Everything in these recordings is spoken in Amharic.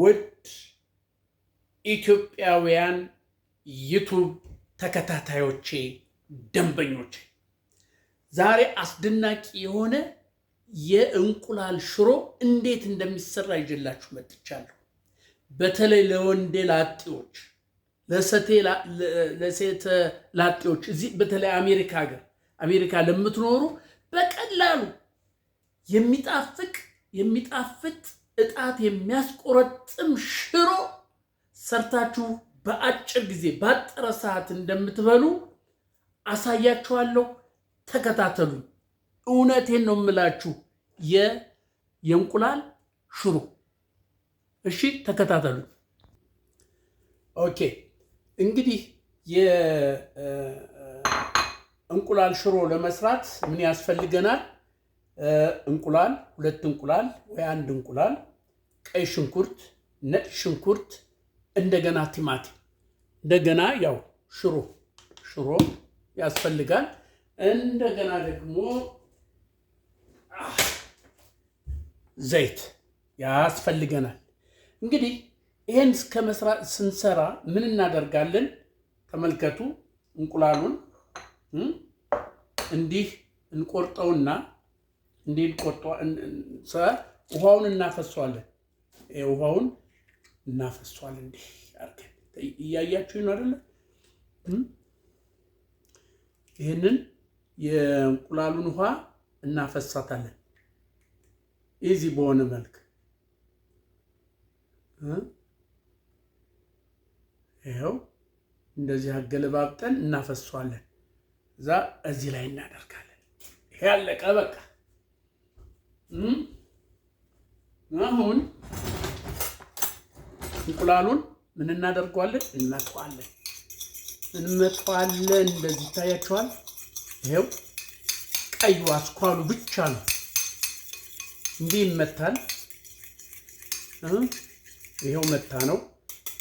ውድ ኢትዮጵያውያን ዩቱብ ተከታታዮቼ፣ ደንበኞቼ ዛሬ አስደናቂ የሆነ የእንቁላል ሽሮ እንዴት እንደሚሰራ ይዤላችሁ መጥቻለሁ። በተለይ ለወንዴ ላጤዎች፣ ለሴት ላጤዎች እዚህ በተለይ አሜሪካ ሀገር አሜሪካ ለምትኖሩ በቀላሉ የሚጣፍቅ የሚጣፍጥ እጣት የሚያስቆረጥም ሽሮ ሰርታችሁ በአጭር ጊዜ ባጠረ ሰዓት እንደምትበሉ አሳያችኋለሁ። ተከታተሉ። እውነቴን ነው የምላችሁ የእንቁላል ሽሮ እሺ፣ ተከታተሉ። ኦኬ እንግዲህ የእንቁላል ሽሮ ለመስራት ምን ያስፈልገናል? እንቁላል፣ ሁለት እንቁላል ወይ አንድ እንቁላል ቀይ ሽንኩርት፣ ነጭ ሽንኩርት፣ እንደገና ቲማቲም፣ እንደገና ያው ሽሮ ሽሮ ያስፈልጋል። እንደገና ደግሞ ዘይት ያስፈልገናል። እንግዲህ ይህን እስከ መስራት ስንሰራ ምን እናደርጋለን? ተመልከቱ። እንቁላሉን እንዲህ እንቆርጠውና እንዲህ ውሃውን እናፈሰዋለን። ውሃውን እናፈሷል። እንዲህ አድርገን ነው አይደለ? ይህንን የእንቁላሉን ውሃ እናፈሳታለን። ኢዚ በሆነ መልክ ይኸው እንደዚህ አገለባብጠን እናፈሷለን። እዛ እዚህ ላይ እናደርጋለን። ይሄ ያለቀ በቃ አሁን እንቁላሉን ምን እናደርገዋለን? እንመጣዋለን እንመጣዋለን። እንደዚህ ይታያቸዋል? ይሄው ቀዩ አስኳሉ ብቻ ነው እንዲህ ይመታል። ይሄው መታ ነው።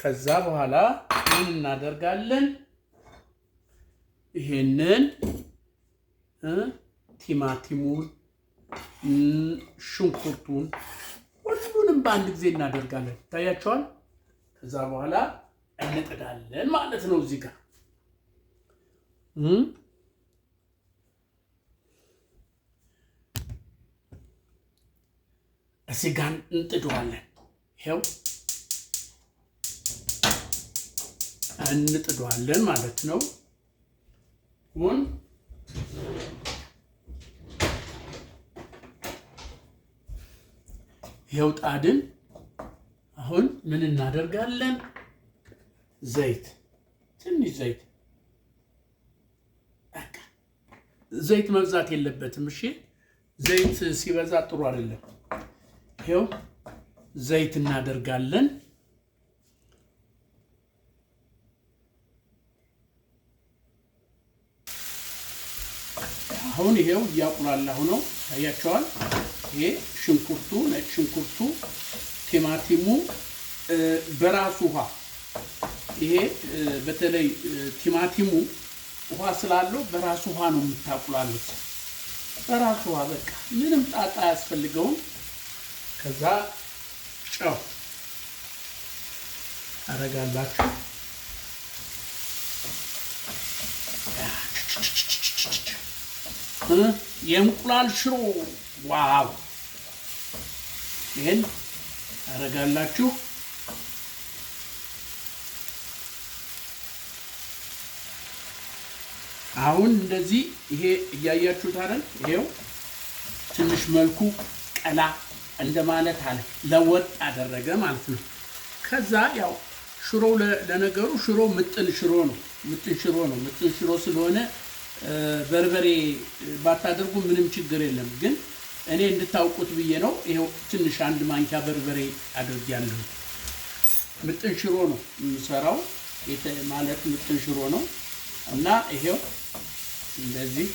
ከዛ በኋላ ምን እናደርጋለን? ይሄንን ቲማቲሙን፣ ሽንኩርቱን ሁሉንም በአንድ ጊዜ እናደርጋለን። ይታያቸዋል። ከዛ በኋላ እንጥዳለን ማለት ነው። እዚህ ጋር እዚህ ጋር እንጥደዋለን። ይኸው እንጥደዋለን ማለት ነው። ሁን ይኸው ጣድን አሁን ምን እናደርጋለን? ዘይት ትንሽ ዘይት ዘይት መብዛት የለበትም። እሺ ዘይት ሲበዛ ጥሩ አይደለም። ይኸው ዘይት እናደርጋለን። አሁን ይሄው እያቁላላሁ ነው። ታያቸዋል። ይሄ ሽንኩርቱ ነጭ ሽንኩርቱ ቲማቲሙ በራሱ ውሃ ይሄ በተለይ ቲማቲሙ ውሃ ስላለው በራሱ ውሃ ነው የምታቁላሉት። በራሱ ውሃ በቃ ምንም ጣጣ አያስፈልገውም። ከዛ ጨው አረጋላችሁ። የእንቁላል ሽሮ ዋው! ይህን ታደርጋላችሁ። አሁን እንደዚህ ይሄ እያያችሁት አይደል? ይሄው ትንሽ መልኩ ቀላ እንደማለት አለ ለወጥ አደረገ ማለት ነው። ከዛ ያው ሽሮ ለነገሩ ሽሮ ምጥን ሽሮ ነው። ምጥን ሽሮ ነው። ምጥን ሽሮ ስለሆነ በርበሬ ባታደርጉ ምንም ችግር የለም ግን እኔ እንድታውቁት ብዬ ነው። ይኸው ትንሽ አንድ ማንኪያ በርበሬ አድርጊያለሁ። ምጥን ሽሮ ነው የምሰራው፣ ማለት ምጥን ሽሮ ነው እና ይሄው እንደዚህ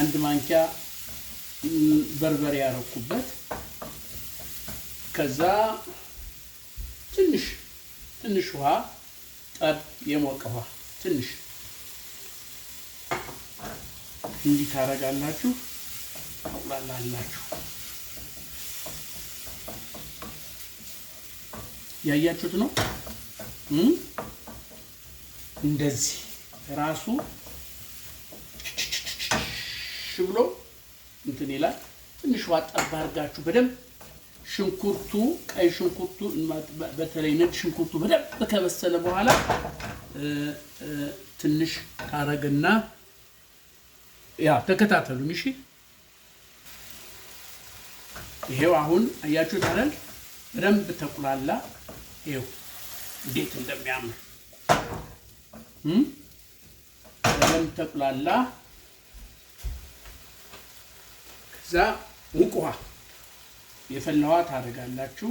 አንድ ማንኪያ በርበሬ ያረኩበት። ከዛ ትንሽ ትንሽ ውሃ ጠብ የሞቀ ውሃ ትንሽ እንዲህ ታረጋላችሁ። አላችሁ ያያችሁት ነው። እንደዚህ ራሱ ብሎ እንትን ይላል። ትንሽ ዋጣ አድርጋችሁ በደንብ ሽንኩርቱ ቀይ ሽንኩርቱ በተለይ ነጭ ሽንኩርቱ በደንብ ከበሰለ በኋላ ትንሽ ታረግና ያ ተከታተሉኝ እሺ። ይሄው አሁን አያችሁት አይደል? በደንብ ተቁላላ። ይሄው እንዴት እንደሚያምር በደንብ ተቁላላ። ከዛ ሙቅ ውሃ የፈላ ውሃ ታደርጋላችሁ።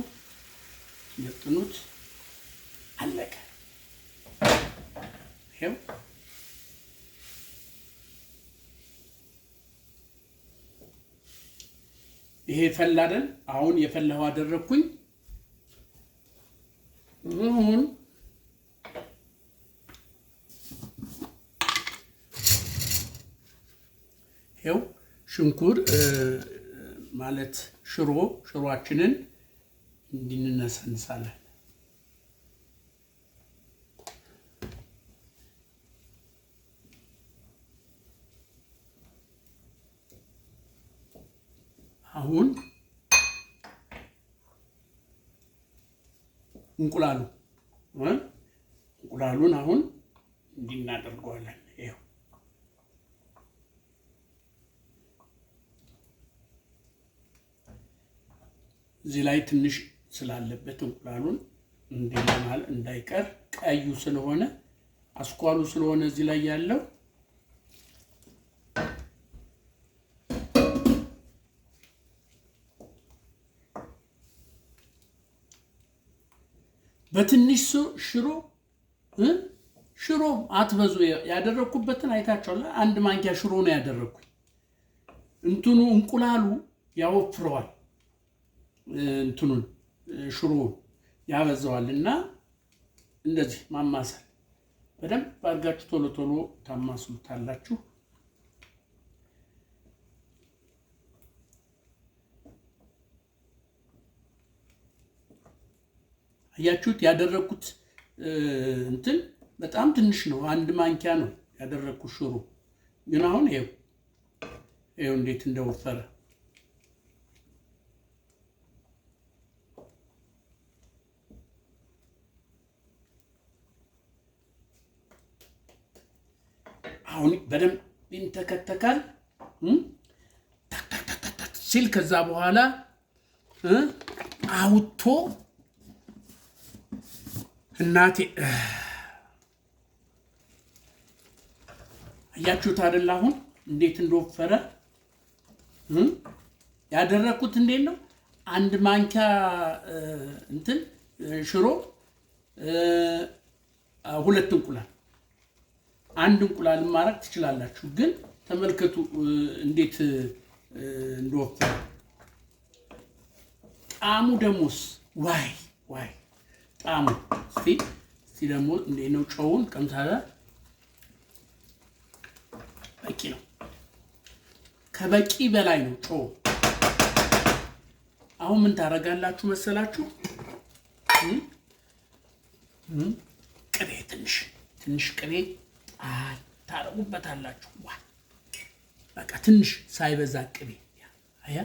አለቀ። ይሄው ይሄ ፈላ አይደል? አሁን የፈላው አደረግኩኝ። አሁን ይኸው ሽንኩር ማለት ሽሮ ሽሮአችንን እንድንነሰንሳለን። እንቁላሉ እንቁላሉን አሁን እንዲህ እናደርገዋለን። ይኸው እዚህ ላይ ትንሽ ስላለበት እንቁላሉን እንዲህ እንዳይቀር ቀዩ ስለሆነ አስኳሉ ስለሆነ እዚህ ላይ ያለው በትንሽ ሽሮ ሽሮ አትበዙ ያደረግኩበትን አይታችኋል። አንድ ማንኪያ ሽሮ ነው ያደረግኩኝ። እንትኑ እንቁላሉ ያወፍረዋል፣ እንትኑን ሽሮ ያበዛዋል። እና እንደዚህ ማማሰል በደንብ አድርጋችሁ ቶሎ ቶሎ ታማስሉታላችሁ። አያችሁት? ያደረኩት እንትን በጣም ትንሽ ነው። አንድ ማንኪያ ነው ያደረኩት ሽሮ። ግን አሁን ይኸው ይኸው እንዴት እንደወፈረ አሁን በደንብ ይንተከተካል ሲል ከዛ በኋላ አውቶ እናቴ እያችሁት አደላ አሁን እንዴት እንደወፈረ ያደረግኩት እንዴት ነው? አንድ ማንኪያ እንትን ሽሮ፣ ሁለት እንቁላል፣ አንድ እንቁላል ማድረግ ትችላላችሁ። ግን ተመልከቱ እንዴት እንደወፈረ ጣዕሙ ደሞስ ዋይ ዋይ ጣዕሙ እስቲ እስቲ ደግሞ እንዴት ነው ጨውን ቀምሳለ በቂ ነው። ከበቂ በላይ ነው ጨው። አሁን ምን ታደርጋላችሁ መሰላችሁ? ቅቤ ትንሽ ትንሽ ቅቤ ጣል ታደርጉበታላችሁ። ዋ በቃ ትንሽ ሳይበዛ ቅቤ አያ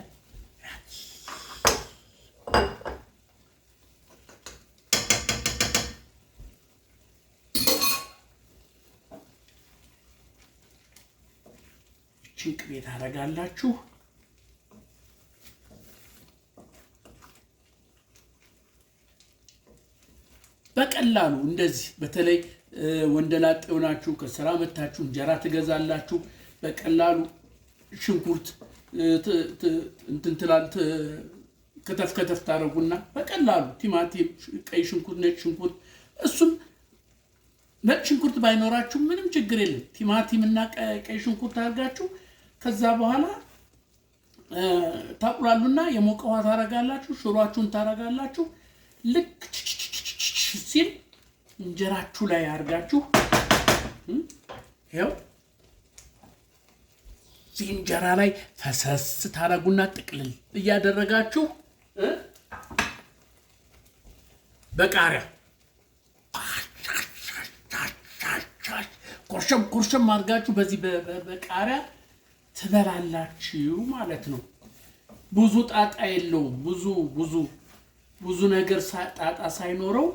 ታደርጋላችሁ። በቀላሉ እንደዚህ በተለይ ወንደላጤ ሆናችሁ ከስራ መታችሁ እንጀራ ትገዛላችሁ። በቀላሉ ሽንኩርት እንትን ከተፍ ከተፍ ታደርጉና በቀላሉ ቲማቲም፣ ቀይ ሽንኩርት፣ ነጭ ሽንኩርት እሱም ነጭ ሽንኩርት ባይኖራችሁ ምንም ችግር የለም። ቲማቲም እና ቀይ ሽንኩርት አድርጋችሁ ከዛ በኋላ ታቁላሉና የሞቀ ውሃ ታረጋላችሁ፣ ሽሯችሁን ታረጋላችሁ። ልክ ሲል እንጀራችሁ ላይ አድርጋችሁ ይኸው እንጀራ ላይ ፈሰስ ታረጉና ጥቅልል እያደረጋችሁ በቃሪያ ኮርሸም ኮርሸም አድርጋችሁ በዚህ በቃሪያ ትበላላችሁ ማለት ነው። ብዙ ጣጣ የለውም። ብዙ ብዙ ብዙ ነገር ጣጣ ሳይኖረው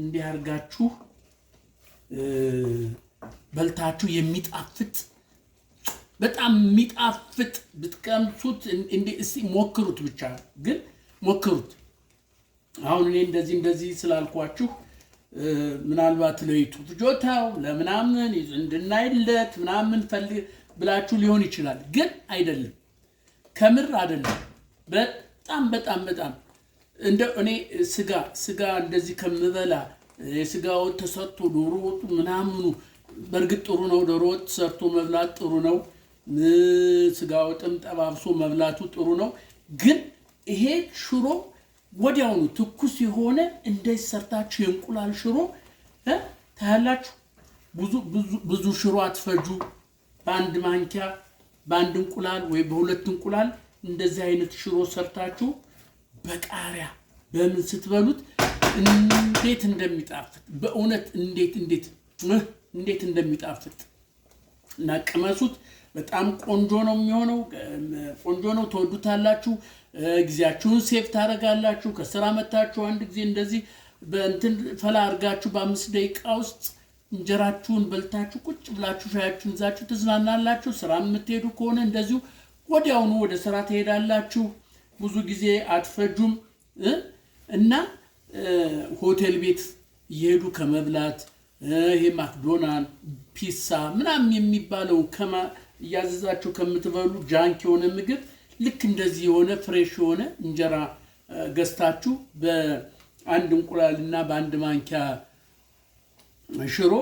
እንዲህ አድርጋችሁ በልታችሁ የሚጣፍጥ በጣም የሚጣፍጥ ብትቀምሱት፣ እስቲ ሞክሩት። ብቻ ግን ሞክሩት። አሁን እኔ እንደዚህ እንደዚህ ስላልኳችሁ ምናልባት ለዩቱብ ፍጆታው ለምናምን እንድናይለት ምናምን ፈልግ ብላችሁ ሊሆን ይችላል፣ ግን አይደለም፣ ከምር አይደለም። በጣም በጣም በጣም እንደ እኔ ስጋ ስጋ እንደዚህ ከምበላ የስጋው ተሰርቶ ዶሮ ወጡ ምናምኑ፣ በእርግጥ ጥሩ ነው። ዶሮ ወጥ ሰርቶ መብላት ጥሩ ነው። ስጋ ወጥም ጠባብሶ መብላቱ ጥሩ ነው። ግን ይሄ ሽሮ ወዲያውኑ ትኩስ የሆነ እንደዚህ ሰርታችሁ የእንቁላል ሽሮ ታያላችሁ። ብዙ ብዙ ሽሮ አትፈጁ። በአንድ ማንኪያ በአንድ እንቁላል ወይ በሁለት እንቁላል እንደዚህ አይነት ሽሮ ሰርታችሁ በቃሪያ በምን ስትበሉት እንዴት እንደሚጣፍጥ በእውነት እንዴት እንዴት እንዴት እንደሚጣፍጥ እና ቅመሱት። በጣም ቆንጆ ነው የሚሆነው። ቆንጆ ነው፣ ትወዱታላችሁ። ጊዜያችሁን ሴፍ ታደርጋላችሁ። ከስራ መታችሁ አንድ ጊዜ እንደዚህ በእንትን ፈላ አድርጋችሁ በአምስት ደቂቃ ውስጥ እንጀራችሁን በልታችሁ ቁጭ ብላችሁ ሻያችሁን ይዛችሁ ትዝናናላችሁ። ስራ የምትሄዱ ከሆነ እንደዚሁ ወዲያውኑ ወደ ስራ ትሄዳላችሁ። ብዙ ጊዜ አትፈጁም እና ሆቴል ቤት እየሄዱ ከመብላት ይሄ ማክዶናል ፒሳ ምናምን የሚባለው እያዘዛችሁ ከምትበሉ ጃንክ የሆነ ምግብ ልክ እንደዚህ የሆነ ፍሬሽ የሆነ እንጀራ ገዝታችሁ በአንድ እና በአንድ ማንኪያ ሽሮ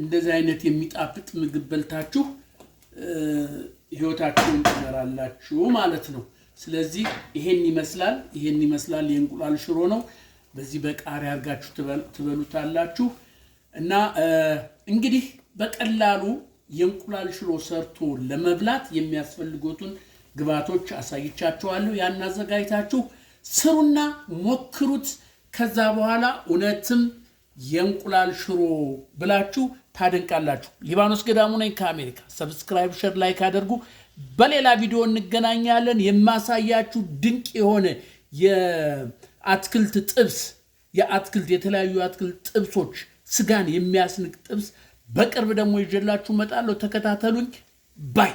እንደዚህ አይነት የሚጣፍጥ ምግብ በልታችሁ ህይወታችሁን ትመራላችሁ ማለት ነው። ስለዚህ ይሄን ይመስላል ይሄን ይመስላል የእንቁላል ሽሮ ነው። በዚህ በቃሪያ አድርጋችሁ ትበሉታላችሁ እና እንግዲህ በቀላሉ የእንቁላል ሽሮ ሰርቶ ለመብላት የሚያስፈልጉትን ግብዓቶች አሳይቻችኋለሁ። ያን አዘጋጅታችሁ ስሩና ሞክሩት። ከዛ በኋላ እውነትም የእንቁላል ሽሮ ብላችሁ ታደንቃላችሁ። ሊባኖስ ገዳሙ ነኝ ከአሜሪካ። ሰብስክራይብ፣ ሸር ላይ ካደርጉ በሌላ ቪዲዮ እንገናኛለን። የማሳያችሁ ድንቅ የሆነ የአትክልት ጥብስ የአትክልት የተለያዩ አትክልት ጥብሶች፣ ስጋን የሚያስንቅ ጥብስ በቅርብ ደግሞ ይዤላችሁ እመጣለሁ። ተከታተሉኝ ባይ